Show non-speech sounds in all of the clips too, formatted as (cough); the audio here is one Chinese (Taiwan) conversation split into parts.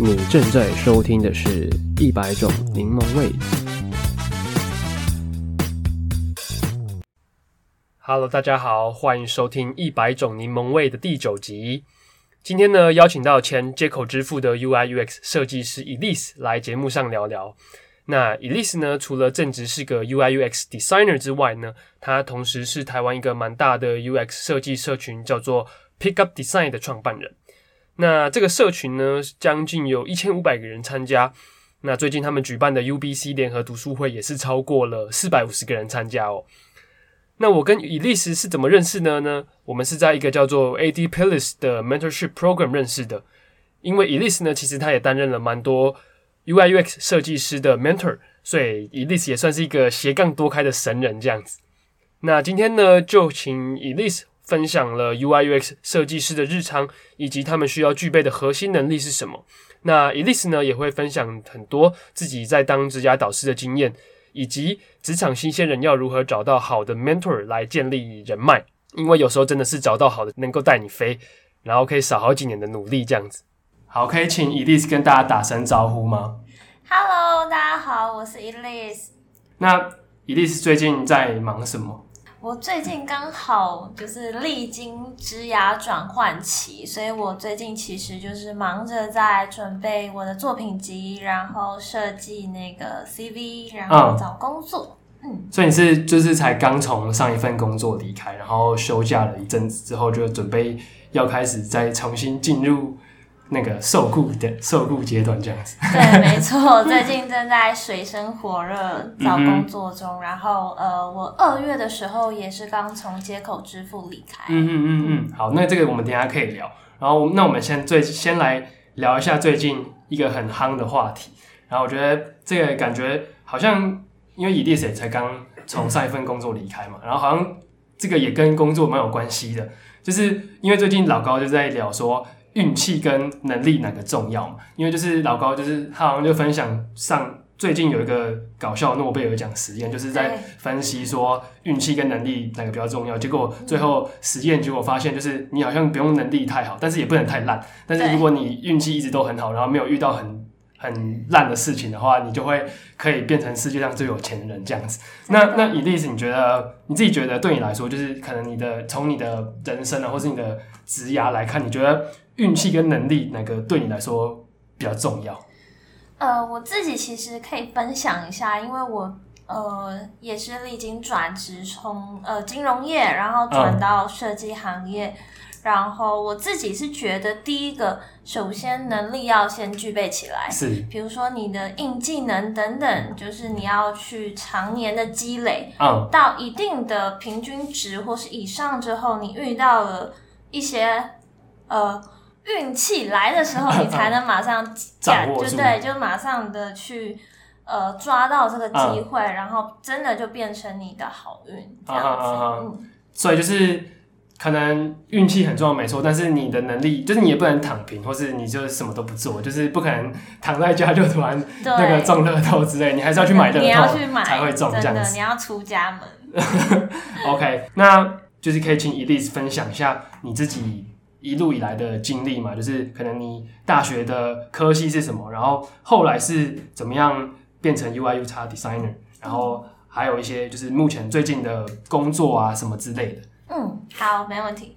你正在收聽的是一百種檸檬味。Hello，大家好，歡迎收聽《一百種檸檬味》的第九集。今天呢，邀請到前街口支付的 UIUX 設計師 Elise 來節目上聊聊。那 Elise 呢，除了正職是個 UIUX designer 之外呢，她同時是台灣一個蠻大的 UX 設計社群叫做 Pickup Design 的創辦人。那這個社群呢，將近有一千五百個人參加。那最近他們舉辦的 UBC 聯合讀書會也是超過了四百五十個人參加哦。那我跟 Elise 是怎麼認識的呢？我們是在一個叫做 AD Palace 的 Mentorship Program 認識的。因為 Elise 呢，其實她也擔任了蠻多 UI UX 設計師的 mentor，所以 Elise 也算是一個斜槓多開的神人這樣子。那今天呢，就請 Elise。分享了 UI UX 設計師的日常，以及他們需要具備的核心能力是什麼。那 Elise 呢，也會分享很多自己在當職涯導師的經驗，以及職場新鮮人要如何找到好的 mentor 來建立人脈。因為有時候真的是找到好的，能夠帶你飛，然後可以少好幾年的努力這樣子。好，可以請 Elise 跟大家打聲招呼嗎？Hello，大家好，我是 Elise。那 Elise 最近在忙什麼？我最近剛好就是歷經職涯轉換期，所以我最近其實就是忙着在準備我的作品集，然後設計那個 CV，然後找工作。嗯，嗯，所以你是就是才剛從上一份工作離開，然後休假了一陣子之後，就準備要開始再重新進入那個受雇的受雇階段這樣子，對，沒錯， (laughs) 最近正在水深火熱找工作中，嗯、然後呃，我二月的時候也是剛從街口支付離開，嗯嗯嗯嗯，好，那這個我們等一下可以聊，然後那我們先最先來聊一下最近一個很夯的話題，然後我覺得這個感覺好像因為 Elise 才剛從上一份工作離開嘛、嗯，然後好像這個也跟工作蠻有關係的，就是因為最近老高就在聊說，運氣跟能力哪個重要？因為就是老高，就是他好像就分享上最近有一個搞笑諾貝爾獎實驗，就是在分析說運氣跟能力哪個比較重要。結果最後實驗結果發現，就是你好像不用能力太好，但是也不能太爛。但是如果你運氣一直都很好，然後沒有遇到很。很爛的事情的話，你就會可以變成世界上最有錢的人這樣子。那那 Elise，你覺得你自己覺得對你來說，就是可能你的從你的人生啊，或是你的職涯來看，你覺得運氣跟能力哪個對你來說比較重要？呃，我自己其實可以分享一下，因為我呃也是歷經轉職，從呃金融業，然後轉到設計行業。嗯然後我自己是覺得，第一個首先能力要先具備起來，是，比如說你的硬技能等等，就是你要去常年的積累、嗯，到一定的平均值或是以上之後，你遇到了一些呃運氣來的時候，嗯、你才能馬上掌握，嗯、就對，就馬上的去呃抓到這個機會、嗯，然後真的就變成你的好運，這樣子，啊啊啊啊嗯，所以就是。可能運氣很重要，沒錯，但是你的能力，就是你也不能躺平，或是你就什麼都不做，就是不可能躺在家就突然那個中樂透之類的，你還是要去買樂透，你要去買才會中這樣子。你要，你要出家門。 (laughs) OK，那就是可以請 Elise 分享一下你自己一路以來的經歷嘛，就是可能你大學的科系是什麼，然後後來是怎麼樣變成 UI/UX Designer，然後還有一些就是目前最近的工作啊什麼之類的。嗯，好，沒問題。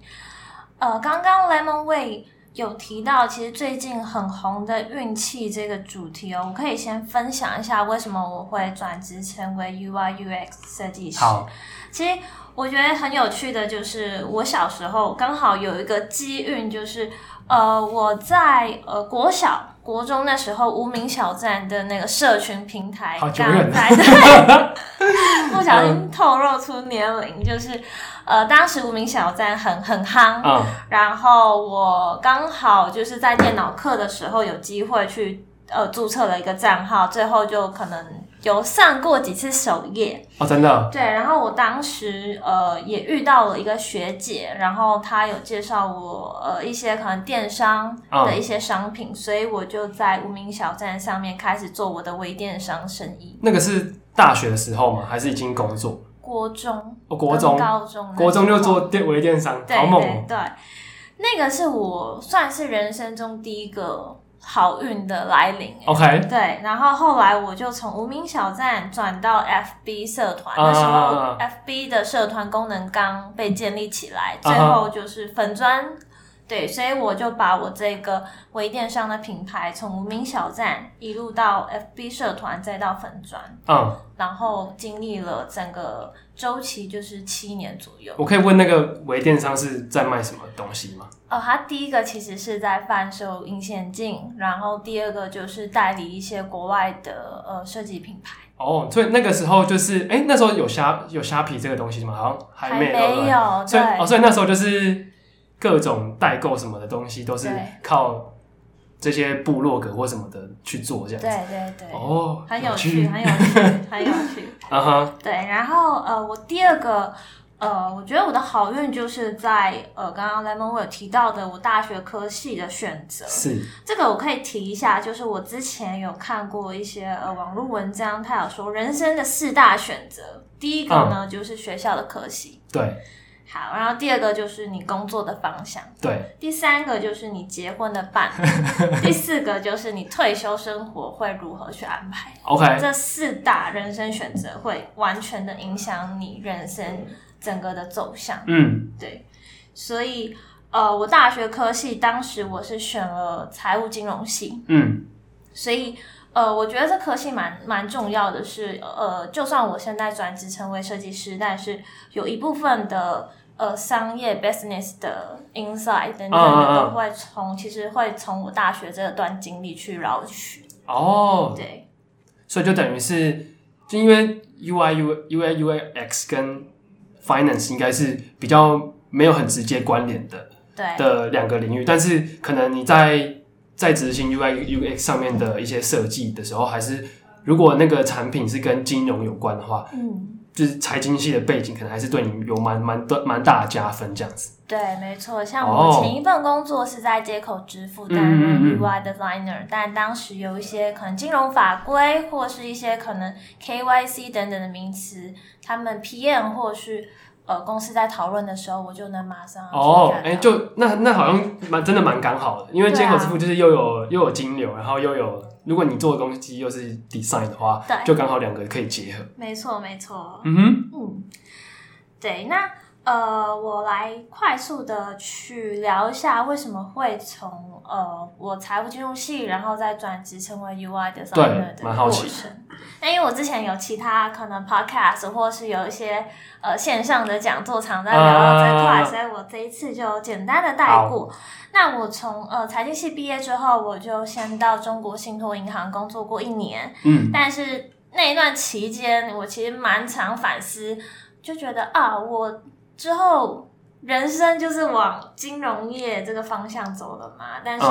呃，剛剛 Lemon Way 有提到，其實最近很紅的運氣這個主題哦，我可以先分享一下為什麼我會轉職成為 UI UX 設計師。好，其實我覺得很有趣的就是，我小時候剛好有一個機運，就是呃，我在呃國小。國中那時候，無名小站的那個社群平台，剛好在，不 (laughs) (laughs) 小心透露出年齡、嗯，就是，呃，當時無名小站很很夯、嗯，然後我剛好就是在電腦課的時候有機會去呃註冊了一個賬號，最後就可能。有上過幾次首頁哦，真的對。然後我當時呃也遇到了一個學姐，然後她有介紹我呃一些可能電商的一些商品，嗯，所以我就在無名小站上面開始做我的微電商生意。那個是大學的時候嗎？還是已經工作？國中，哦、國中，高中，國中就做電微電商，對對對，好猛，對對，那個是我算是人生中第一個。好運的來臨，OK，對，然後後來我就從無名小站轉到 FB 社團，uh -huh. 那時候，FB 的社團功能剛被建立起來，最後就是粉專。對，所以我就把我這個微電商的品牌從無名小站一路到 FB 社團，再到粉專，嗯，然後經歷了整個週期就是七年左右。我可以問那個微電商是在賣什麼東西嗎？哦、呃，他第一個其實是在販售隱形眼鏡，然後第二個就是代理一些國外的呃設計品牌。哦，所以那個時候就是，哎、欸，那時候有蝦有蝦皮這個東西嗎？好像還沒有，沒有，嗯、對，所以哦，所以那時候就是。各種代購什麼的東西都是靠這些部落格或什麼的去做這樣子，對對對，哦、oh,，有 (laughs) 很有趣，很有趣，很有趣。嗯哼。對，然後呃，我第二個呃，我覺得我的好運就是在呃，剛剛 Lemon 我有提到的，我大學科系的選擇，是這個我可以提一下，就是我之前有看過一些呃網絡文章，它有說人生的四大選擇，第一個呢、uh. 就是學校的科系，對。好，然後第二個就是你工作的方向，對；第三個就是你結婚的伴， (laughs) 第四個就是你退休生活會如何去安排。o、okay. 這四大人生選擇會完全的影響你人生整個的走向。嗯，對。所以，呃，我大學科系當時我是選了財務金融系。嗯。所以，呃，我覺得這科系蠻蠻重要的是，是呃，就算我現在轉職成為設計師，但是有一部分的。呃，商業 business 的 insight，等等都會從、uh, uh, uh. 其實會從我大學這段經歷去繞取。哦、oh，對，所以就等於是，就因為 UI、u UI、UX 跟 finance 應該是比較沒有很直接關聯的，對的兩個領域。但是可能你在在執行 UI、UX 上面的一些設計的時候，還是如果那個產品是跟金融有關的話，嗯。就是財經系的背景，可能還是對你有蠻蠻多蠻大的加分這樣子。對，沒錯，像我們前一份工作是在街口支付擔任 UI designer，但當時有一些可能金融法規或是一些可能 KYC 等等的名詞，他們 PM 或是。呃、哦，公司在討論的時候，我就能馬上哦，哎、欸，就那那好像蠻真的蠻剛好的，的因為街口支付就是又有，啊、又有金流，然後又有如果你做的東西又是 design 的話，就剛好兩個可以結合。沒錯，沒錯。嗯哼，嗯，對呢，那。呃，我來快速的去聊一下為什麼會從呃我財務金融系，然後再轉職成為 UI designer 的好過程。那因為我之前有其他可能 podcast 或是有一些呃線上的講座，常在聊到這塊，啊，所以我這一次就簡單的帶過。那我從呃財經系畢業之後，我就先到中國信託銀行工作過一年。嗯，但是那一段期間，我其實蠻常反思，就覺得啊我。之後，人生就是往金融業這個方向走了嘛。但是，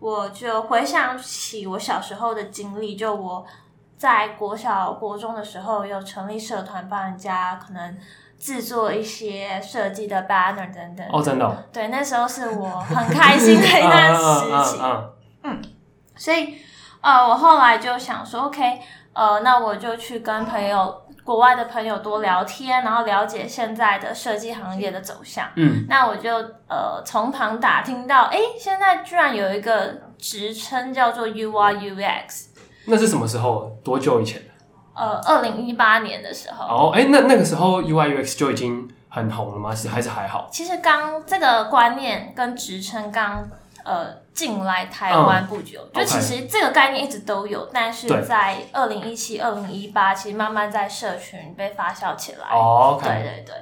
我就回想起我小時候的經歷，就我在國小、國中的時候，有成立社團，幫人家可能製作一些設計的 banner 等等。哦，真的、哦？對，那時候是我很開心的一段時期。 (laughs) 嗯， (laughs) 嗯，所以，呃，我後來就想說，OK，呃，那我就去跟朋友。國外的朋友多聊天，然後了解現在的設計行業的走向。嗯，那我就呃從旁打聽到，哎、欸，現在居然有一個職稱叫做 UI UX。那是什麼時候？多久以前？呃，二零一八年的時候。哦，哎、欸，那那個時候 UI UX 就已經很紅了嗎？是還是還好？其實剛這個觀念跟職稱剛呃，進來台灣不久、嗯，就其實這個概念一直都有，Okay. 但是在二零一七、二零一八，其實慢慢在社群被發酵起來。OK，對對對，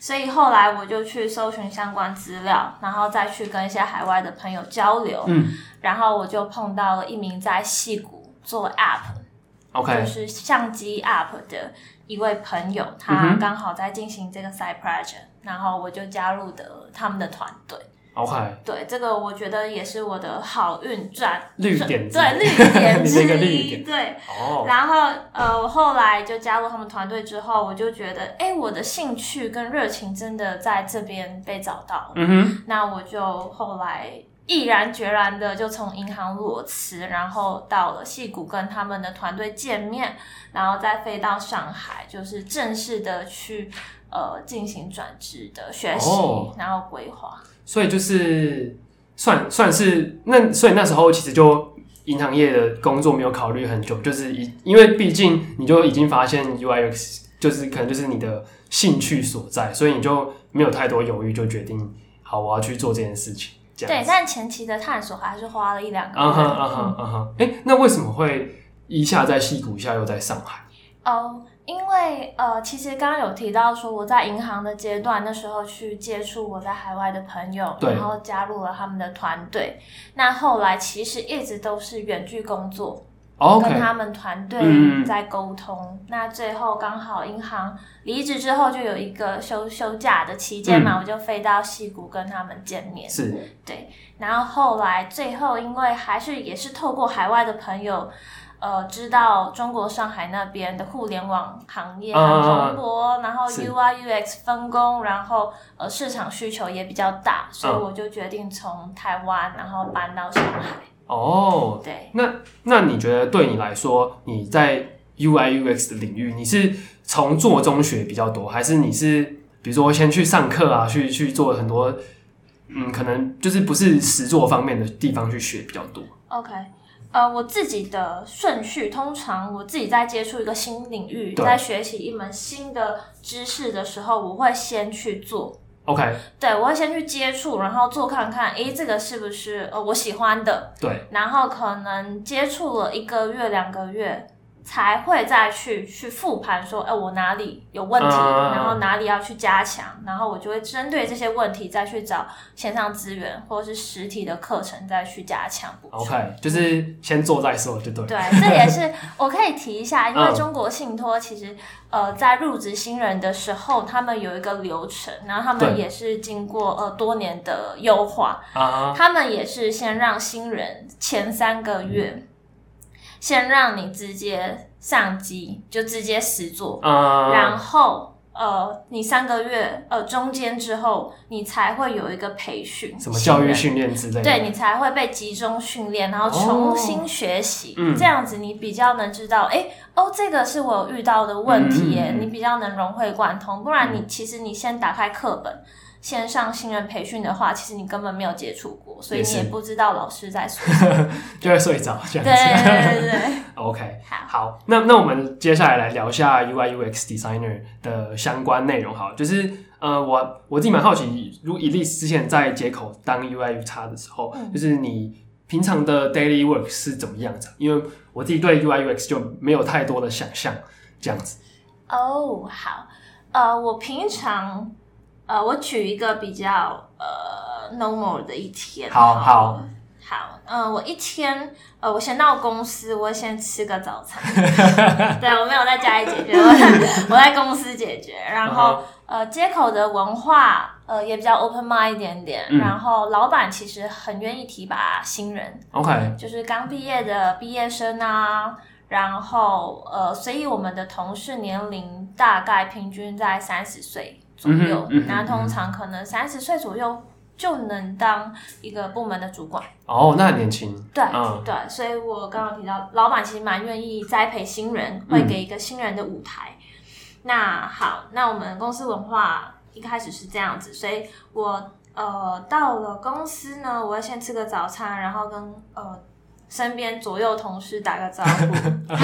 所以後來我就去搜尋相關資料，然後再去跟一些海外的朋友交流。嗯，然後我就碰到了一名在矽谷做 App，就是相機 App 的一位朋友，他剛好在進行這個 side project，然後我就加入的他們的團隊。Okay，對，這個我覺得也是我的好運轉綠點是，對，綠點之一。 (laughs) 個綠點。對、oh. 然後呃，我後來就加入他們團隊之後，我就覺得，哎、欸，我的興趣跟熱情真的在這邊被找到。嗯哼。那我就後來毅然決然的就從銀行裸辭，然後到了矽谷跟他們的團隊見面，然後再飛到上海，就是正式的去呃進行轉職的學習，oh. 然後規劃。所以就是算算是那所以那時候其實就銀行業的工作沒有考慮很久，就是因因為畢竟你就已經發現 UIX 就是可能就是你的興趣所在，所以你就沒有太多猶豫就決定好我要去做這件事情這樣。對，但前期的探索還，還是花了一兩個月 uh -huh, uh -huh, uh -huh. 嗯哼嗯哼嗯哼。哎、欸，那為什麼會一下在矽谷，一下又在上海？哦、oh.。因為呃，其實剛剛有提到說，我在銀行的階段，那時候去接觸我在海外的朋友，然後加入了他們的團隊。那後來其實一直都是遠距工作，Okay. 跟他們團隊在溝通、嗯。那最後剛好銀行離職之後，就有一個休休假的期間嘛，嗯、我就飛到矽谷跟他們見面。是對，然後後來最後因為還是也是透過海外的朋友。呃，知道中國上海那邊的互聯網行業很蓬勃，然後 UI UX 分工，然後呃市場需求也比較大，所以我就決定從台灣，嗯，然後搬到上海。哦，對，那那你覺得對你來說，你在 UI UX 的領域，你是從做中學比較多，還是你是比如說先去上課啊，去去做很多，嗯，可能就是不是實做方面的地方去學比較多？OK。呃，我自己的順序，通常我自己在接觸一個新領域，在學習一門新的知識的時候，我會先去做。OK，對，我會先去接觸，然後做看看，誒、欸，這個是不是呃我喜歡的？對，然後可能接觸了一個月、兩個月。才會再去去復盤，說、欸、哎，我哪裡有問題，然後哪裡要去加強，uh, 然後我就會針對這些問題再去找線上資源或者是實體的課程，再去加強補充。O、okay, K，就是先做再說，就對。對，這也是我可以提一下， (laughs) 因為中國信托其實呃在入職新人的時候，他們有一個流程，然後他們也是經過呃多年的優化，uh -huh. 他們也是先讓新人前三個月。Uh -huh. 先讓你直接上機，就直接實作，uh, 然後呃，你三個月呃中間之後，你才會有一個培訓，什麼教育訓練之類的，對你才會被集中訓練，然後重新學習，oh, 這樣子你比較能知道，哎、嗯、哦，這個是我遇到的問題耶嗯嗯，你比較能融會貫通，不然你、嗯、其實你先打開課本。線上新人培訓的話，其實你根本沒有接觸過，所以你也，也不知道老師在說， (laughs) 就會睡着這樣子。對對對，對 (laughs) ，OK，好，好，那那我們接下來來聊一下 UI UX designer 的相關內容，好，就是呃，我我自己蠻好奇，如 Elise 之前在街口當 UI UX 的時候、嗯，就是你平常的 daily work 是怎麼樣子？因為我自己對 UI UX 就沒有太多的想象，這樣子。哦、oh,，好，呃、uh,，我平常。呃，我取一個比較呃 normal 的一天。好好好，嗯、呃，我一天呃，我先到公司，我先吃個早餐。 (laughs) 對我沒有在家裡解決 (laughs) 我在，我在公司解決。然後呃，街口的文化呃也比較 open mind 一點點、嗯。然後老板其實很願意提拔新人。OK，、呃、就是剛畢業的畢業生啊。然後呃，所以我們的同事年齡大概平均在三十歲。左右，嗯嗯，那通常可能三十歲左右就能當一個部門的主管。哦，那很年輕。對，哦，對，所以我剛剛提到，老闆其實蠻願意栽培新人，會給一個新人的舞台，嗯。那好，那我們公司文化一開始是這樣子，所以我呃到了公司呢，我要先吃個早餐，然後跟呃。身邊左右同事打個招呼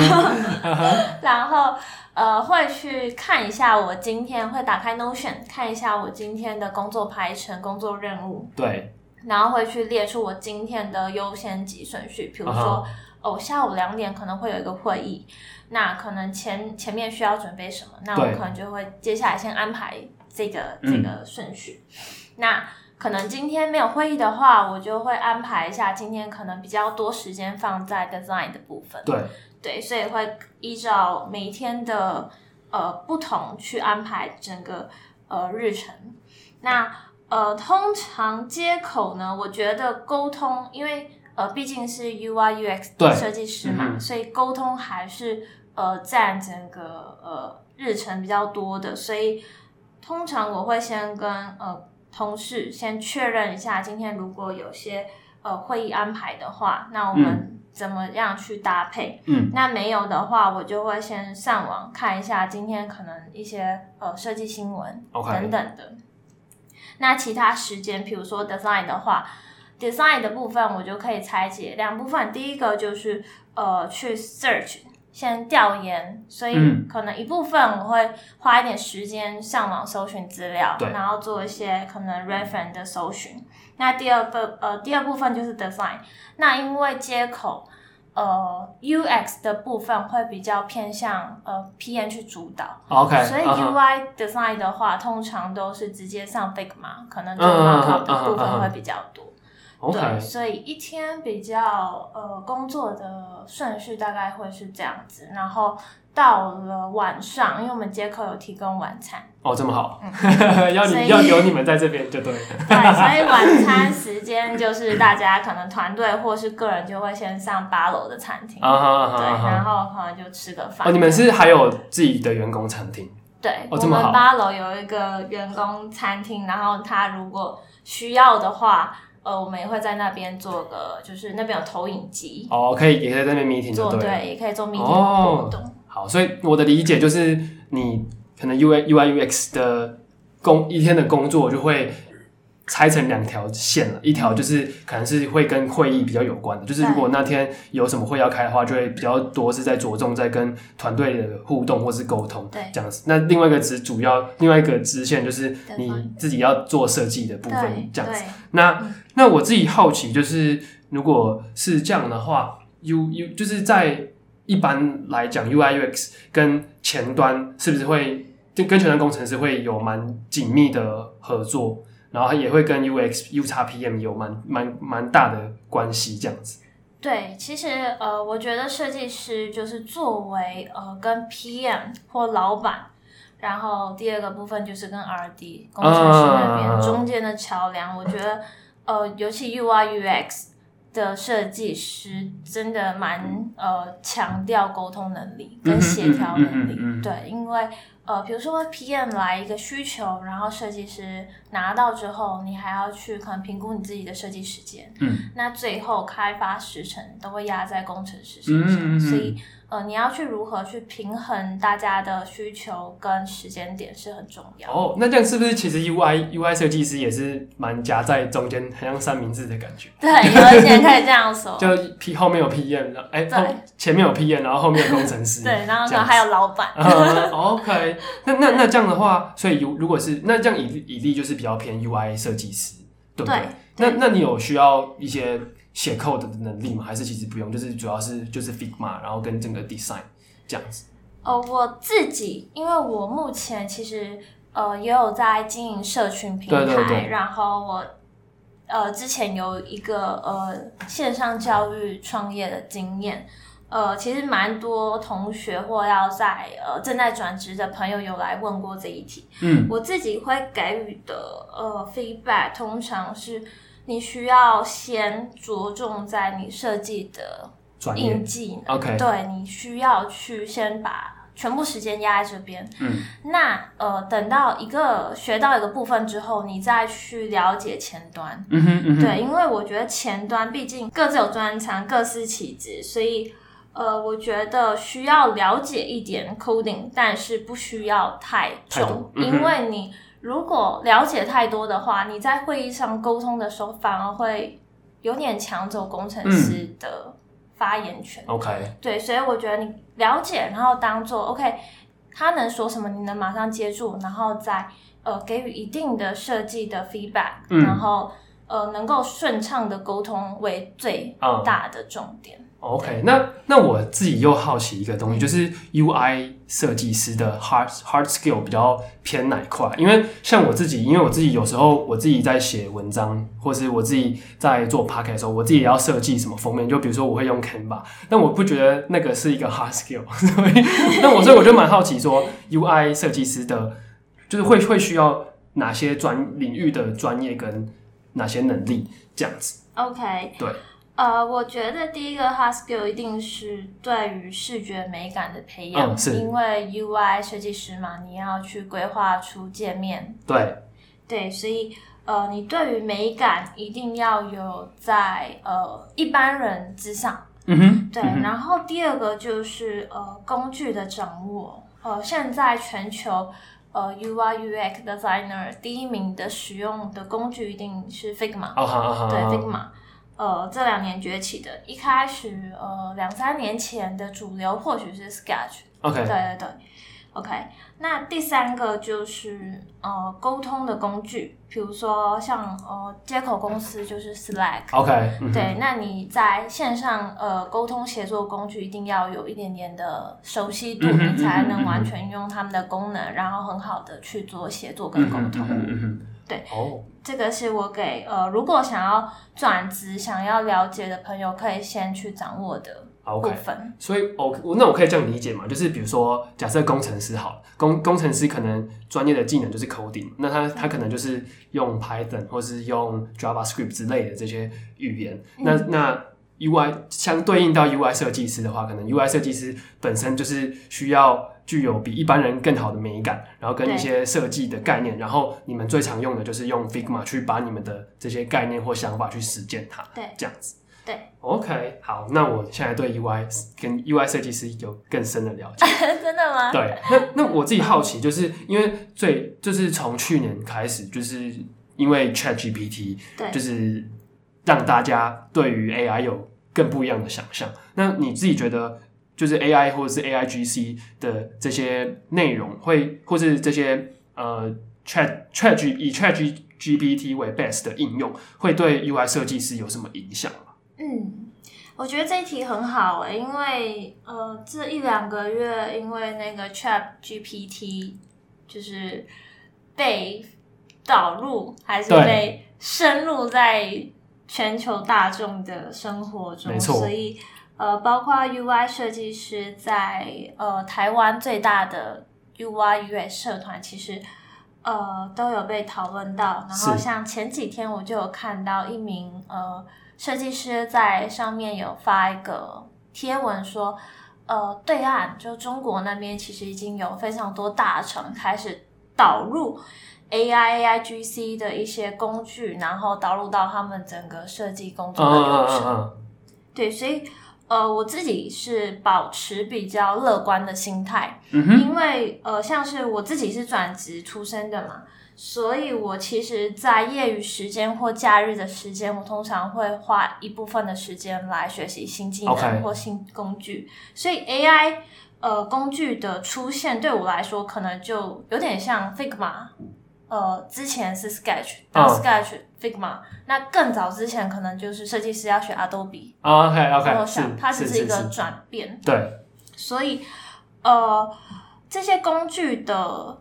(laughs) (laughs) 然後呃會去看一下我今天會打開 Notion 看一下我今天的工作排程、工作任務，對，然後會去列出我今天的優先級順序。比如說，uh -huh. 哦，下午兩點可能會有一個會議，那可能前前面需要準備什麼，那我可能就會接下來先安排這個這個順序。嗯、那可能今天沒有會議的話，我就會安排一下今天可能比較多時間放在 design 的部分。對對，所以會依照每一天的呃不同去安排整個呃日程。那呃，通常接口呢，我覺得溝通，因為呃畢竟是 UI UX 設計師嘛，所以溝通還是呃佔整個呃日程比較多的。所以通常我會先跟呃。同事先確認一下，今天如果有些呃會議安排的話，那我們怎麼樣去搭配？嗯，那沒有的話，我就會先上網看一下今天可能一些呃設計新聞等等的。Okay. 那其他時間，比如說 design 的話，design 的部分我就可以拆解兩部分。第一個就是呃去 search。先調研，所以可能一部分我會花一點時間上網搜尋資料，嗯、然後做一些可能 reference 的搜尋。那第二個呃，第二部分就是 design。那因為接口呃，UX 的部分會比較偏向呃 PM 去主導，OK。所以 UI、uh -huh. design 的話，通常都是直接上 Figma 嘛，可能做 mock 的部分會比較多。Uh -huh, uh -huh, uh -huh. Okay. 對，所以一天比較呃工作的順序大概會是這樣子，然後到了晚上，因為我們街口有提供晚餐哦，oh, 這麼好，嗯、 (laughs) 要要有你們在這邊就對，對，所以晚餐時間就是大家可能團隊或是個人就會先上八樓的餐廳，uh -huh, uh -huh, uh -huh. 對，然後可能就吃個飯。哦，你們是還有自己的員工餐廳？對，oh, 我們八樓有一個員工餐廳、oh,，然後他如果需要的話。呃，我們也會在那邊做個，就是那邊有投影機哦，可以也可以在那邊 meeting 做。對，也可以做 meeting 活動。哦，好，所以我的理解就是，你可能 UI UI UX 的工，一天的工作就會拆成兩條線了，一條就是可能是會跟會議比較有關的，就是如果那天有什麼會要開的話，就會比較多是在着重在跟團隊的互動或是溝通，對，這樣子。那另外一個只主要另外一個支線就是你自己要做設計的部分，這樣子。那、嗯、那我自己好奇就是，如果是這樣的話，U U 就是在一般來講，UI UX 跟前端是不是會就跟前端工程師會有蠻緊密的合作？然後也會跟 U X U X P M 有蠻蠻蠻、蠻大的關係，這樣子。對，其實呃，我覺得設計師就是作為呃跟 P M 或老板，然後第二個部分就是跟 R D 工程師那邊、啊、中間的橋梁。我覺得呃，尤其 U I U X 的設計師真的蠻、嗯、呃強調溝通能力跟協調能力，嗯嗯嗯嗯嗯、對，因為。呃，比如說 PM 來一個需求，然後設計師拿到之後，你還要去可能評估你自己的設計時間。嗯，那最後開發時程都會壓在工程師身上，嗯嗯嗯所以。呃，你要去如何去平衡大家的需求跟時間點是很重要。哦，那這樣是不是其實 U I U I 設計師也是蠻夾在中間，很像三明治的感覺？對，以前可以這樣說， (laughs) 就 P 後面有 P M，哎、欸，對，前面有 P M，然後後面有工程師，對，然後還有老闆、 (laughs) 嗯。OK，那那那這樣的話，所以如如果是那這樣 Elise 就是比較偏 U I 設計師，對不對？對對，那那你有需要一些？寫 code 的能力嗎？還是其實不用，就是主要是就是 Figma 然後跟整個 design 這樣子。呃，我自己，因為我目前其實呃也有在經營社群平台，對對對，然後我呃之前有一個呃線上教育創業的經驗，呃其實蠻多同學或要在呃正在轉職的朋友有來問過這一題。嗯，我自己會給予的呃 feedback 通常是。你需要先着重在你設計的印記 o k 對、okay. 你需要去先把全部時間壓在這邊。嗯，那呃，等到一個學到一個部分之後，你再去了解前端。嗯，嗯對，因為我覺得前端畢竟各自有專長，各司其職，所以呃，我覺得需要了解一點 coding，但是不需要太重，嗯，因為你。如果了解太多的話，你在會議上溝通的時候，反而會有點搶走工程師的發言權，嗯。OK，對，所以我覺得你了解，然後當做 OK，他能說什麼，你能馬上接住，然後再呃給予一定的設計的 feedback，嗯，然後呃能夠順暢的溝通為最大的重點。Uh, OK，那那我自己又好奇一個東西，就是 UI。設計師的 hard hard skill 比較偏哪一塊？因為像我自己，因為我自己有時候我自己在寫文章，或是我自己在做 podcast 時候，我自己也要設計什麼封面。就比如說，我會用 Canva，但我不覺得那個是一個 hard skill。所以， (laughs) (laughs) (laughs) 那我所以我就蠻好奇說，說 UI 設計師的，就是會會需要哪些專領、領域的專業跟哪些能力這樣子？OK，對。呃、uh,，我覺得第一個 hard skill 一定是對於視覺美感的培養，oh, 是。因為 U I 設計師嘛，你要去規劃出界面。對對，所以呃，你對於美感一定要有在呃一般人之上。嗯哼。對，嗯、然後第二個就是呃工具的掌握。呃，現在全球呃 U I U X designer 第一名的使用的工具一定是 Figma。啊、oh, 對, oh, oh, oh, oh. 對 Figma。呃，這兩年崛起的，一開始，呃，兩三年前的主流或許是 Sketch OK。對對對。OK。那第三個就是呃，溝通的工具，比如說像呃，街口公司就是 Slack。OK。Mm-hmm. 對，那你在線上呃溝通協作工具，一定要有一點點的熟悉度，Mm-hmm. 你才能完全用他們的功能，Mm-hmm. 然後很好的去做協作跟溝通。Mm-hmm. Mm-hmm. 對，oh. 這個是我給呃，如果想要轉職、想要了解的朋友，可以先去掌握的部分。Okay. 所以，我、okay, 那我可以這樣理解嘛？就是比如說，假設工程師好，工工程師可能專業的技能就是 coding，那他他可能就是用 Python 或是用 JavaScript 之類的這些語言。嗯、那那 UI 相對應到 UI 設計師的話，可能 UI 設計師本身就是需要。具有比一般人更好的美感，然後跟一些設計的概念，然後你們最常用的就是用 Figma 去把你們的這些概念或想法去實踐它。對，這樣子。對。OK，好，那我現在對 UI 跟 UI 設計師有更深的了解。 (laughs) 真的嗎？對，那那我自己好奇，就是因為最就是從去年開始，就是因為 ChatGPT，對，就是讓大家對於 AI 有更不一樣的想象。那你自己覺得？就是 A I 或是 A I G C 的這些內容會，會或是這些呃 Chat Chat G B 以 Chat G P T 為 best 的應用，會對 UI 設計師有什麼影響嗎？嗯，我覺得這一題很好誒、欸，因為呃，這一兩個月，因為那個 Chat G P T 就是被導入，還是被深入在全球大眾的生活中，沒錯，所以。呃，包括 UI 設計師在呃台灣最大的 UI UX 社團，其實呃都有被討論到。然後像前幾天我就有看到一名呃設計師在上面有發一個貼文說，說呃對岸就中國那邊其實已經有非常多大廠開始導入 AI AIGC 的一些工具，然後導入到他們整個設計工作的流程啊啊啊啊。對，所以。呃，我自己是保持比較樂觀的心態、嗯，因為呃，像是我自己是轉職出身的嘛，所以我其實，在業餘時間或假日的時間，我通常會花一部分的時間來學習新技能或新工具，okay. 所以 AI 呃工具的出現對我來說，可能就有點像 Figma。呃，之前是 Sketch，到 Sketch，Figma、哦、那更早之前可能就是設計師要學 Adobe，哦。啊 OK OK。我想，它只是一個轉變。對。所以，呃，這些工具的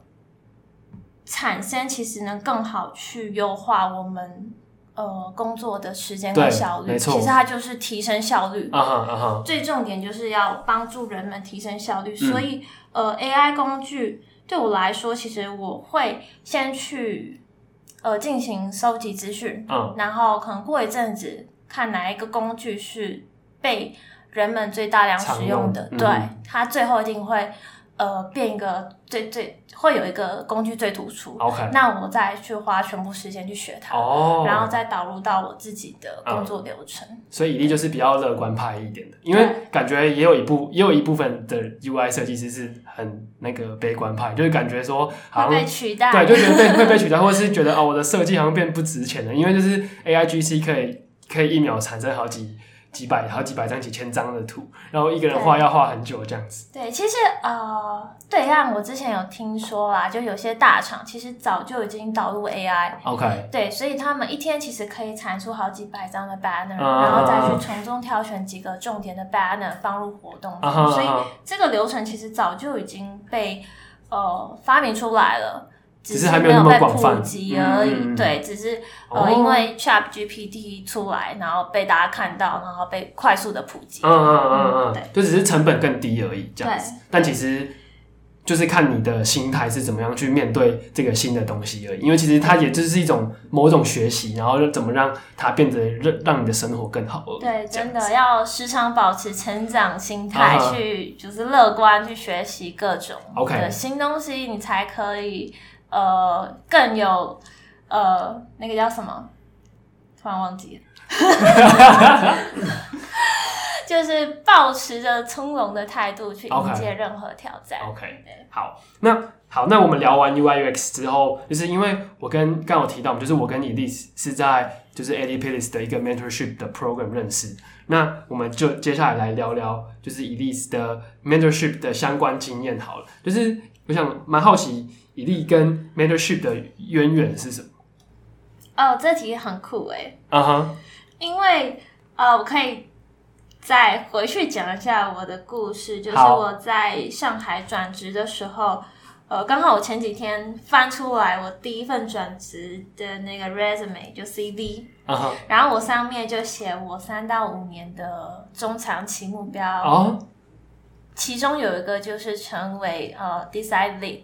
產生其實能更好去優化我們呃工作的時間和效率。沒錯。其實它就是提升效率，啊哈啊哈。最重點就是要幫助人們提升效率。嗯，所以，呃，AI 工具。對我來說，其實我會先去呃進行收集資訊，嗯，然後可能過一陣子看哪一個工具是被人們最大量使用的，對，它，嗯，最後一定會。呃，變一個最最會有一個工具最突出，okay. 那我再去花全部時間去學它，oh. 然後再導入到我自己的工作流程。Okay. 所以，Elise 就是比較樂觀派一點的，因為感覺也有一部也有一部分的 UI 設計師是很那個悲觀派，就是感覺說好像會被取代，對，就覺得被會被取代，或者是覺得 (laughs) 哦，我的設計好像變不值錢了，因為就是 AIGC 可以可以一秒產生好幾。幾百、好幾百張、幾千張的圖，然後一個人畫要畫很久這樣子。對，其實呃，對，像我之前有聽說啦，就有些大廠其實早就已經導入 AI。OK。對，所以他們一天其實可以產出好幾百張的 banner、啊、然後再去從中挑選幾個重點的 banner 放入活動、啊。所以這個流程其實早就已經被呃發明出來了。只是還沒有那麼廣泛，只是沒有被普及而已，嗯嗯、對，只是呃、哦，因為 ChatGPT 出來，然後被大家看到，然後被快速的普及。嗯嗯嗯嗯，對，就只是成本更低而已，這樣子。但其實就是看你的心態是怎麼樣去面對這個新的東西而已，因為其實它也就是一種某種學習，然後怎麼讓它變得讓你的生活更好而已。對，真的要時常保持成長心態、啊啊，去就是樂觀，去學習各種 OK 的新東西，你才可以。呃，更有呃，那個叫什麼？突然忘記了， (laughs) (laughs) (laughs) 就是抱持着從容的態度去迎接任何挑戰。OK，, okay. 好，那好，那我們聊完 UI UX 之後，嗯，就是因為我跟剛有提到嘛，就是我跟 Elise 是在就是 ADPList 的一個 Mentorship 的 Program 認識。那我們就接下來來聊聊，就是 Elise 的 Mentorship 的相關經驗好了。就是我想蠻好奇，Elise 跟 mentorship 的淵源是什麼？哦，這題很酷哎！啊哈，因為呃，我可以再回去講一下我的故事，就是我在上海轉職的時候，呃，剛好我前幾天翻出來我第一份轉職的那個 resume 就 CV，uh -huh. 然後我上面就寫我三到五年的中長期目標，uh -huh. 其中有一個就是成為呃 Design Lead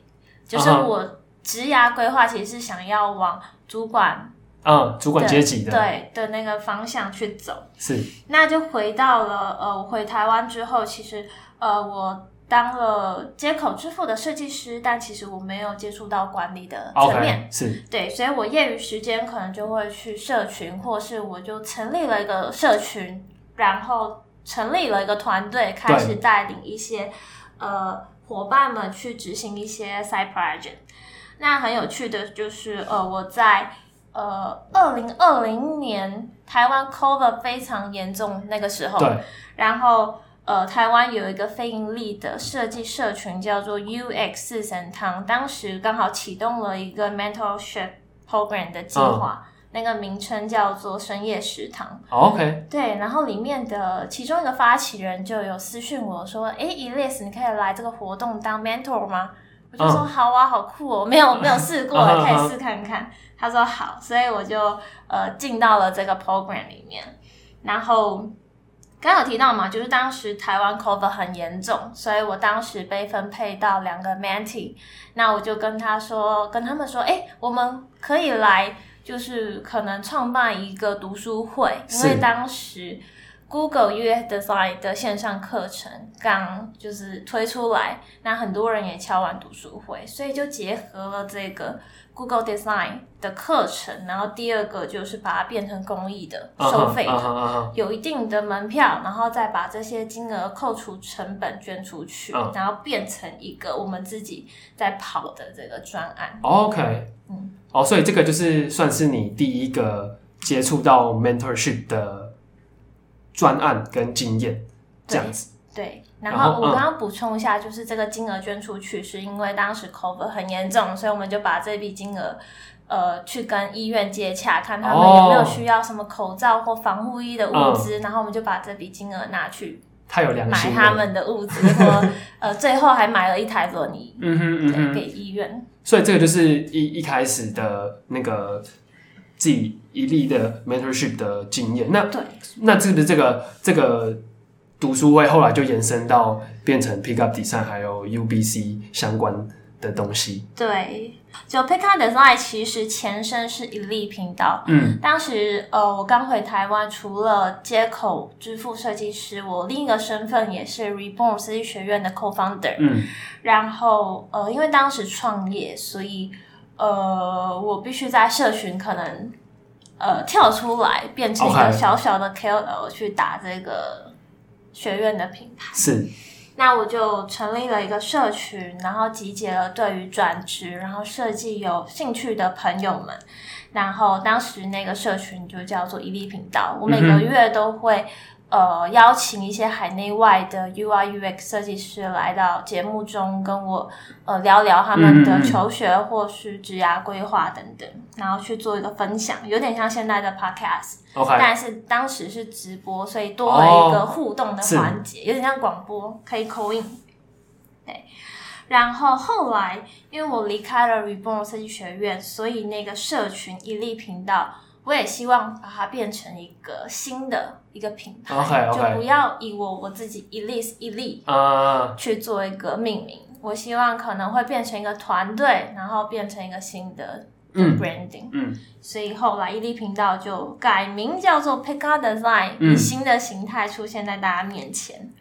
就是我職涯規劃其實是想要往主管，嗯、哦，主管階級的對的那個方向去走。是，那就回到了呃，我回台灣之後，其實呃，我當了街口支付的設計師，但其實我沒有接觸到管理的層面。Okay, 是，對，所以我業餘時間可能就會去社群，或是我就成立了一個社群，然後成立了一個團隊，開始帶領一些呃。夥伴們去執行一些 side project，那很有趣的就是，呃，我在呃二零二零年台灣 COVID 非常嚴重那個時候，對，然後呃台灣有一個非盈利的設計社群叫做 UX 四神湯，當時剛好啟動了一個 mentorship program 的計劃。Oh. 那個名稱叫做深夜食堂。Oh, OK。對，然後裡面的其中一個發起人就有私訊我說：“誒、欸、Elise 你可以來這個活動當 mentor 嗎？” oh. 我就說：“好啊，好酷哦，沒有沒有試過、 (laughs) oh,，可以試看看。Oh, ” okay, okay. 他說：“好。”所以我就呃進到了這個 program 裡面。然後剛有提到嘛，就是當時台灣 cover 很嚴重，所以我當時被分配到兩個 mentee，那我就跟他說，跟他們說：“哎、欸，我們可以來。”就是可能創辦一個讀書會，因為當時 Google UX Design 的線上課程剛就是推出來，那很多人也敲碗讀書會，所以就結合了這個 Google Design 的課程。然後第二個就是把它變成公益的，uh -huh, 收費的，uh -huh, uh -huh. 有一定的門票，然後再把這些金額扣除成本捐出去，uh -huh. 然後變成一個我們自己在跑的這個專案。OK，嗯。哦，所以這個就是算是你第一個接觸到 mentorship 的專案跟經驗這樣子。對，對然後我剛剛補充一下，就是這個金額捐出去，是因為當時 COVID 很嚴重，所以我們就把這筆金額，呃，去跟醫院接洽，看他們有沒有需要什麼口罩或防護衣的物資，然後我們就把這筆金額拿去。他有良心，買他們的物資，或 (laughs) 呃，最後還買了一台輪椅， (laughs) 嗯哼嗯，嗯給醫院。所以這個就是一一開始的那個自己一例的 mentorship 的經驗。那對，那這個這個這個讀書會後來就延伸到變成 Pickup Design，還有 UBC 相關的東西。對，就 Pickup Design 其實前身是 Elise 頻道。嗯。當時呃，我剛回台灣，除了街口支付設計師，我另一個身份也是 Reborn 設計學院的 co-founder。嗯。然後呃，因為當時創業，所以呃，我必須在社群可能呃跳出來，變成一個小小的 KOL、okay。去打這個學院的品牌。是。那我就成立了一個社群，然後集結了對於轉職，然後設計有興趣的朋友們。然後當時那個社群就叫做“伊利頻道”，我每個月都會。呃，邀請一些海內外的 UI/UX 設計師來到節目中跟我呃聊聊他們的求學或是職涯規劃等等嗯嗯，然後去做一個分享，有點像現在的 podcast，okay, 但是當時是直播，所以多了一個互動的環節，oh, 有點像廣播，可以 call in。對，然後後來因為我離開了 Reborn 設計學院，所以那個社群一粒頻道。我也希望把它變成一個新的一個品牌，okay, okay. 就不要以我我自己 Elise Elise 去做一個命名。我希望可能會變成一個團隊，然後變成一個新的 branding 嗯。嗯，所以後來 Elise 頻道就改名叫做 Pickup Design，以、嗯、新的形態出現在大家面前。嗯、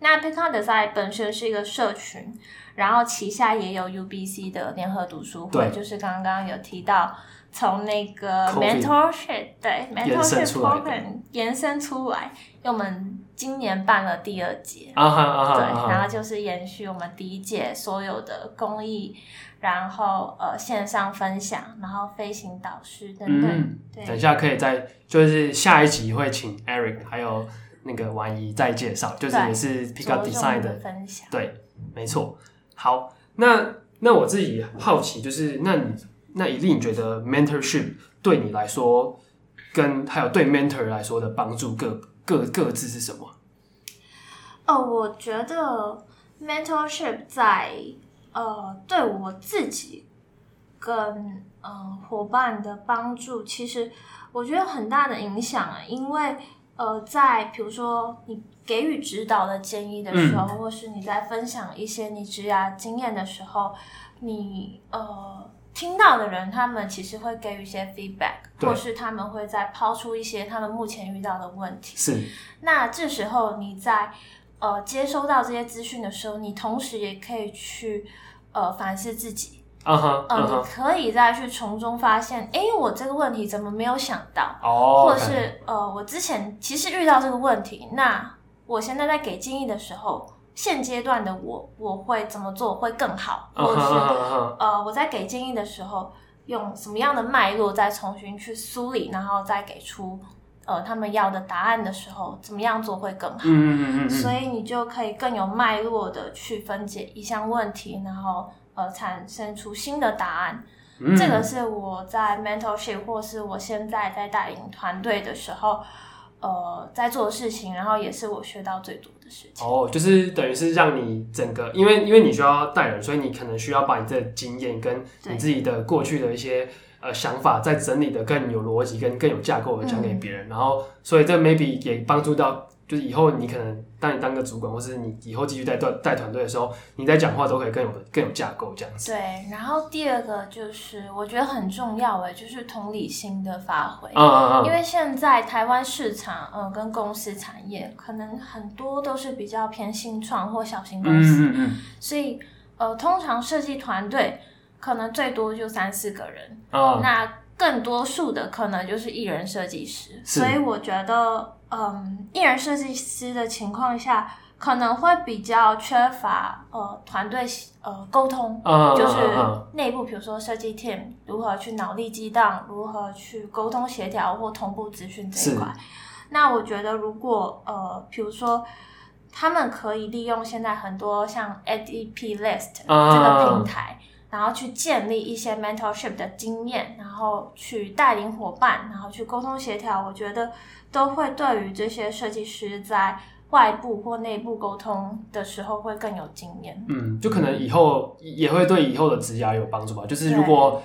那 Pickup Design 本身是一個社群，然後旗下也有 UBC 的聯合讀書會，就是剛剛有提到。從那個 mentorship 對 mentorship program 延、延伸出來，因為我們今年辦了第二屆啊哈啊哈，對、啊，然後就是延續我們第一屆所有的公益、嗯，然後，然後呃線上分享，然後飛行導師等等、嗯，對，等一下可以再就是下一集會請 Eric 還有那個宛儀再介紹，就是也是 Pickup Design 的分享，對，沒錯，好，那那我自己好奇就是、嗯、那你。那 Elise，你覺得 mentorship 對你來說，跟還有對 mentor 來說的幫助各，各各各自是什麼？呃，我覺得 mentorship 在呃對我自己跟嗯、呃、夥伴的幫助，其實我覺得很大的影響啊。因為呃，在比如說你給予指導的建議的時候，嗯、或是你在分享一些你職涯經驗的時候，你呃。聽到的人，他們其實會給予一些 feedback，或是他們會再拋出一些他們目前遇到的問題。是，那這時候你在呃接收到這些資訊的時候，你同時也可以去呃反思自己。嗯哼，嗯哼，呃，嗯，可以再去從中發現，哎，我這個問題怎麼沒有想到？哦，oh, okay. 或者是，呃，我之前其實遇到這個問題，那我現在在給建議的時候。現階段的我，我會怎麼做會更好？或者是、oh, oh, oh, oh, oh. 呃，我在給建議的時候，用什麼樣的脈絡再重新去梳理，然後再給出呃他們要的答案的時候，怎麼樣做會更好？Mm -hmm. 所以你就可以更有脈絡的去分解一項問題，然後呃產生出新的答案。Mm -hmm. 這個是我在 mentorship 或是我現在在帶領團隊的時候，呃在做的事情，然後也是我學到最多的。哦，就是等於是讓你整個，因為因為你需要帶人，所以你可能需要把你的經驗跟你自己的過去的一些呃想法，再整理的更有邏輯、跟更有架構的講給別人，嗯、然後所以這 maybe 也幫助到。就是以後你可能當你當個主管，或是你以後繼續帶隊帶，帶團隊的時候，你在講話都可以更有更有架構這樣子。對，然後第二個就是我覺得很重要誒，就是同理心的發揮。哦、啊啊啊因為現在台灣市場，嗯、呃，跟公司產業可能很多都是比較偏新創或小型公司。嗯嗯所以呃，通常設計團隊可能最多就三四個人，哦。那更多數的可能就是一人設計師，所以我覺得。嗯，一人設計師的情況下，可能會比較缺乏呃團隊呃溝通，uh -huh. 就是內部，比如說設計 team 如何去腦力激盪，如何去溝通協調或同步資訊這一塊。那我覺得，如果呃，比如說他們可以利用現在很多像 ADP List、uh -huh. 這個平台，然後去建立一些 mentorship 的經驗，然後去帶領夥伴，然後去溝通協調，我覺得。都會對於這些設計師在外部或內部溝通的時候會更有經驗。嗯，就可能以後也會對以後的職涯有幫助吧。就是如果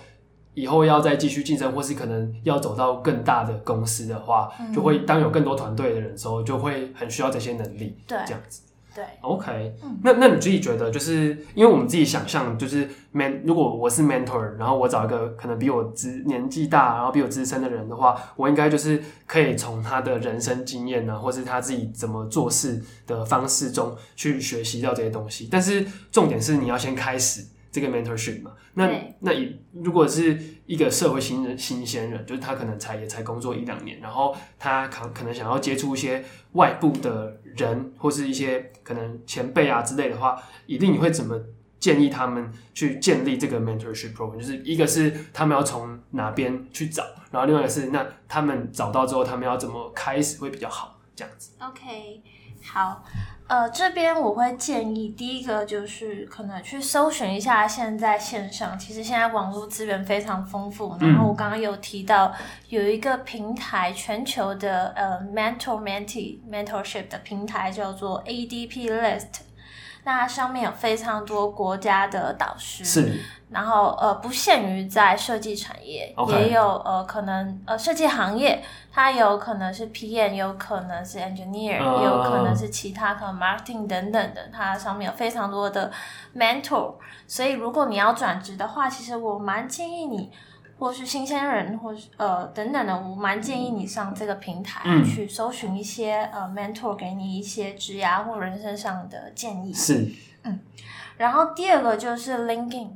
以後要再繼續晉升，或是可能要走到更大的公司的話，就會當有更多團隊的人的時候，就會很需要這些能力。對，這樣子。對，OK，那那你自己覺得，就是因為我們自己想象，就是 man，如果我是 mentor，然後我找一個可能比我資年紀大，然後比我資深的人的話，我應該就是可以從他的人生經驗呢、啊，或是他自己怎麼做事的方式中去學習到這些東西。但是重點是，你要先開始。這個 mentorship 嘛，那那如果是一個社會新人、新鮮人，就是他可能才也才工作一兩年，然後他可可能想要接觸一些外部的人，或是一些可能前輩啊之類的話，一定你會怎麼建議他們去建立這個 mentorship program？就是一個是他們要從哪邊去找，然後另外一個是那他們找到之後，他們要怎麼開始會比較好？這樣子。OK。好，呃，這邊我會建議，第一個就是可能去搜尋一下，現在線上其實現在網絡資源非常豐富，嗯。然後我剛剛有提到有一個平臺，全球的呃，Mentor menti mentorship 的平臺叫做 ADP List。那上面有非常多國家的導師，是。然後呃，不限於在設計產業，Okay. 也有呃，可能呃，設計行業，它有可能是 PM，有可能是 Engineer，Oh. 也有可能是其他，可能 Marketing 等等的。它上面有非常多的 mentor，所以如果你要轉職的話，其實我蠻建議你。或是新鮮人，或是呃等等的，我蠻建議你上這個平台、嗯、去搜尋一些呃 mentor 給你一些職涯或人生上的建議。是，嗯，然後第二個就是 LinkedIn。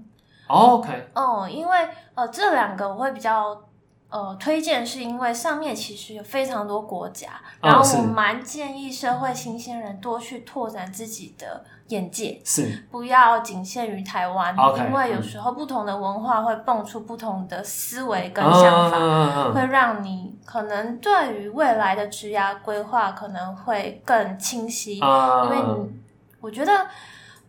OK、嗯。哦、嗯，因為呃這兩個我會比較呃推薦，是因為上面其實有非常多國家，然後我蠻建議社會新鮮人多去拓展自己的。眼界是不要僅限於台灣，okay，因為有時候不同的文化會蹦出不同的思維跟想法、嗯，會讓你可能對於未來的職涯規劃可能會更清晰。嗯、因為你我覺得，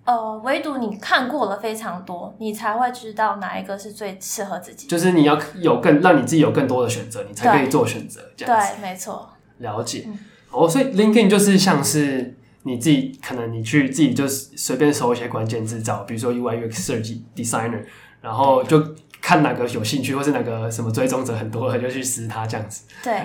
呃，唯獨你看過了非常多，你才會知道哪一個是最適合自己。就是你要有更、嗯、讓你自己有更多的選擇，你才可以做選擇，這樣子。對，沒錯。了解哦，嗯 oh，所以 LinkedIn 就是像是。你自己可能你去自己就隨便搜一些關鍵字，比如說 U I U X 設計 designer，然後就看哪個有興趣，或是哪個什麼追蹤者很多，就去試他這樣子。對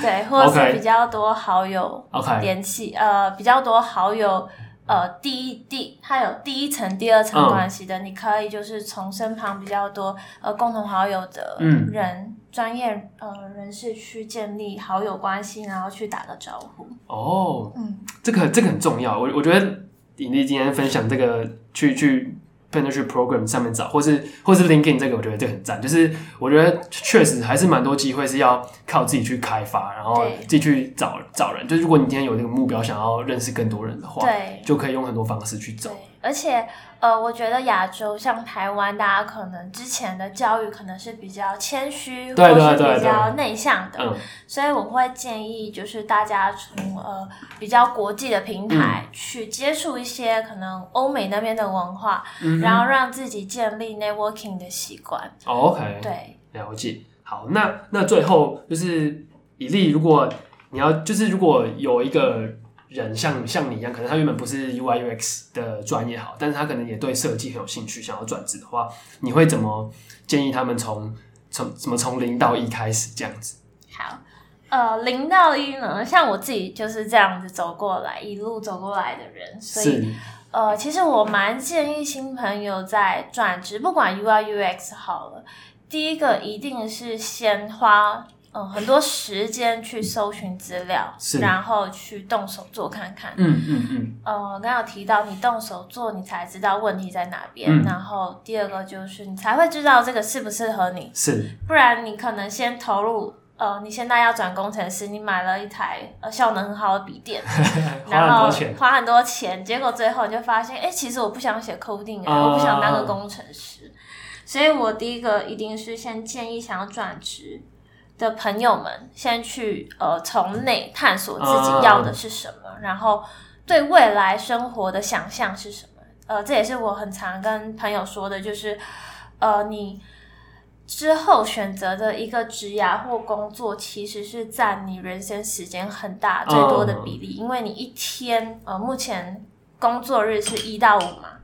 對，或者是比較多好友 OK 聯繫，呃比較多好友，呃第一第他有第一層第二層關係的、嗯，你可以就是從身旁比較多，呃共同好友的人。嗯專業呃人士去建立好友關係，然後去打個招呼。哦、oh，嗯，這個這個很重要。我我覺得，Elise 今天分享這個去去，不能去、Panderture、program 上面找，或是或是 LinkedIn 這個，我覺得這很讚。就是我覺得確實還是蠻多機會是要靠自己去開發，然後自己去找找人。就如果你今天有這個目標，想要認識更多人的話，對，就可以用很多方式去找。而且，呃，我覺得亞洲像台灣，大家可能之前的教育可能是比較謙虛，或是比較內向的，嗯，所以我會建議就是大家從呃比較國際的平台去接觸一些，嗯，可能歐美那邊的文化，嗯，然後讓自己建立 networking 的習慣，哦。OK，對，了解。好，那那最後就是，Elise，如果你要就是如果有一個。人像像你一樣，可能他原本不是 UI UX 的專業好，但是他可能也對設計很有興趣，想要轉職的話，你會怎麼建議他們從從怎麼從零到一開始這樣子？好，呃，零到一呢？像我自己就是這樣子走過來，一路走過來的人，所以呃，其實我蠻建議新朋友在轉職，不管 UI UX 好了，第一個一定是先花。嗯、很多時間去搜尋資料，然後去動手做看看。嗯嗯嗯。呃，剛剛有提到，你動手做，你才知道問題在哪邊。嗯、然後第二個就是，你才會知道這個適不適合你。是。不然你可能先投入，呃，你現在要轉工程師，你買了一台呃效能很好的筆電， (laughs) 花很多錢，然後花很多錢，結果最後你就發現，哎，其實我不想寫 coding，我不想當個工程師、哦。所以我第一個一定是先建議想要轉職。的朋友們，先去呃，從內探索自己要的是什麼，um, 然後對未來生活的想象是什麼。呃，這也是我很常跟朋友說的，就是呃，你之後選擇的一個職業或工作，其實是佔你人生時間很大，最多的比例。Um, 因為你一天呃，目前工作日是一到五嘛，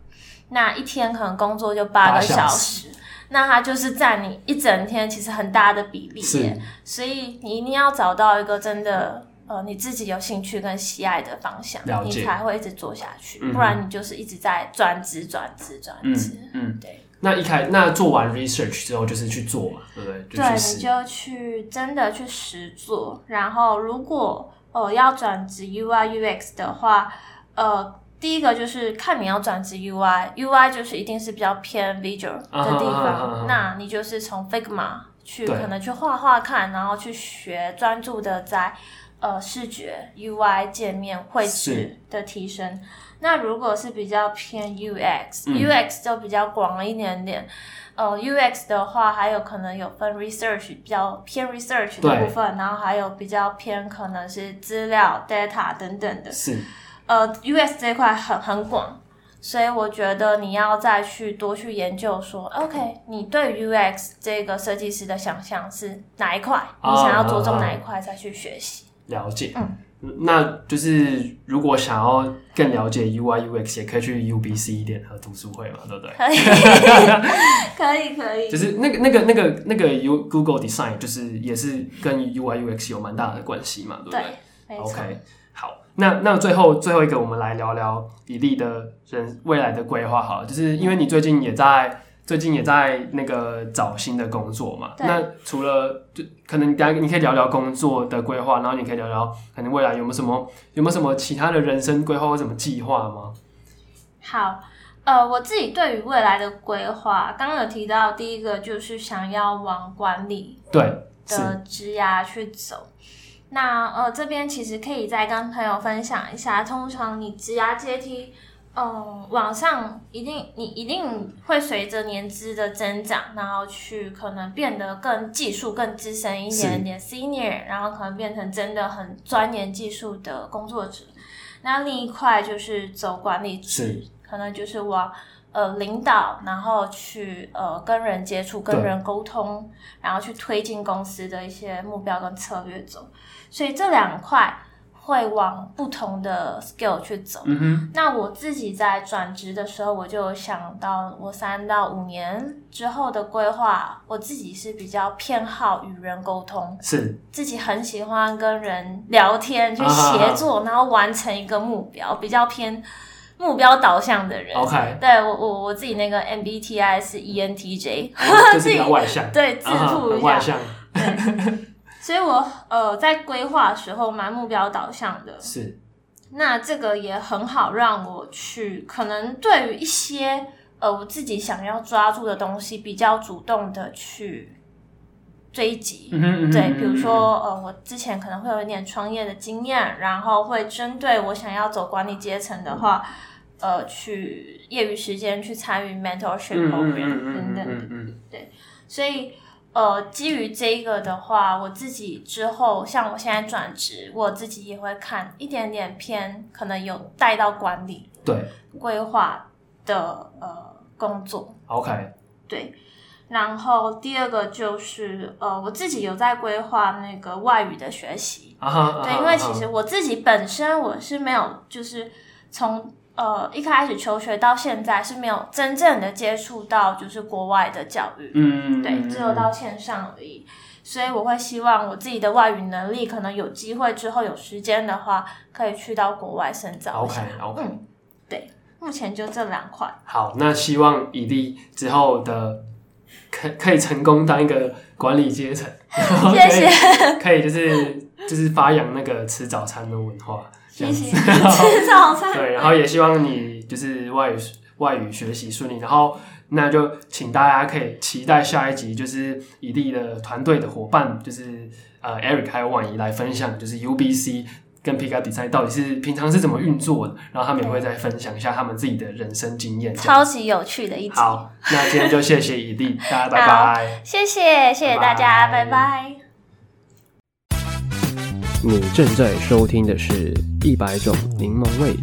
那一天可能工作就八個小時。那它就是佔你一整天，其實很大的比例，所以你一定要找到一個真的呃，你自己有興趣跟喜愛的方向，你才會一直做下去，嗯、不然你就是一直在轉職轉職轉職，嗯，對。嗯、那一開那做完 research 之後，就是去做嘛，對不對？對、就是、你就去真的去實做，然後如果呃，要轉職 UI UX 的話，呃。第一個就是看你要轉職 UI，UI 就是一定是比較偏 visual 的地方，啊、那你就是從 Figma 去可能去畫畫看，然後去學專注的在、呃、視覺 UI 界面繪制的提升。那如果是比較偏 UX，UX、嗯、UX 就比較廣了一點點。呃、UX 的話還有可能有分 research 比較偏 research 的部分，然後還有比較偏可能是資料 data 等等的。是。呃，UX 這一塊很很廣，所以我覺得你要再去多去研究說，OK，你對 UX 這個設計師的想象是哪一塊、啊？你想要着重哪一塊再去學習、啊啊啊、了解？嗯，那就是如果想要更了解 UI UX，也可以去 UBC 聯合讀書會嘛，對不對？可以， (laughs) 可以，可以。就是那個那個那個那個 U Google Design，就是也是跟 UI UX 有蠻大的關係嘛、嗯，對不對,對？OK。那那最後最後一個，我們來聊聊比利的人未來的規劃，好了，就是因為你最近也在最近也在那個找新的工作嘛。那除了就可能大家你可以聊聊工作的規劃，然後你可以聊聊可能未來有沒有什麼有沒有什麼其他的人生規劃或什麼計劃嗎？好，呃，我自己對於未來的規劃，剛剛有提到第一個就是想要往管理對的職涯去走。那呃，這邊其實可以再跟朋友分享一下。通常你職涯階梯，嗯、呃，往上一定，你一定會隨着年資的增長，然後去可能變得更技術、更資深一點點，senior，然後可能變成真的很鑽研技術的工作者。那另一塊就是走管理，是，可能就是我。呃，領導，然後去呃跟人接觸，跟人溝通，然後去推進公司的一些目標跟策略走。所以這兩塊會往不同的 skill 去走。嗯哼。那我自己在轉職的時候，我就想到我三到五年之後的規劃，我自己是比較偏好與人溝通，是自己很喜歡跟人聊天，去協作、啊哈哈，然後完成一個目標，比較偏。目標導向的人，OK，對我我我自己那個 MBTI 是 ENTJ、嗯、呵呵自己、就是、外向，對，自吐一下，uh-huh, 外向，所以我，我呃，在規劃的時候蠻目標導向的，是。 (laughs) 那這個也很好，讓我去可能對於一些呃我自己想要抓住的東西，比較主動的去。這一集，對，比如說，呃，我之前可能會有一點創業的經驗，然後會針對我想要走管理階層的話，呃，去業餘時間去參與 mentorship program 等等，對。所以，呃，基於這個的話，我自己之後像我現在轉職，我自己也會看一點點偏可能有帶到管理對規劃的呃工作。OK 對。對。然後第二個就是呃，我自己有在規劃那個外語的學習，啊、對、啊，因為其實我自己本身我是沒有，就是從呃一開始求學到現在是沒有真正的接觸到就是國外的教育，嗯，對，只、嗯、有到線上而已、嗯。所以我會希望我自己的外語能力，可能有機會之後有時間的話，可以去到國外深造一下。OK，OK，okay, okay. 嗯、對，目前就這兩塊。好，那希望 Elise 之後的。可可以成功當一個管理階層，謝謝。可以就是就是發揚那個吃早餐的文化，謝謝這樣子吃早餐。對，然後也希望你就是外語外語學習順利，然後那就請大家可以期待下一集，就是 Elise 的團隊的夥伴，就是呃 Eric 還有宛儀來分享，就是 UBC。跟 Pickup Design 到底是平常是怎麼運作的？然後他們也會再分享一下他們自己的人生經驗，超級有趣的一集。好，那今天就謝謝 Elise， (laughs) 大家拜拜。謝謝，謝謝大家，拜拜。你正在收聽的是《一百種檸檬味》。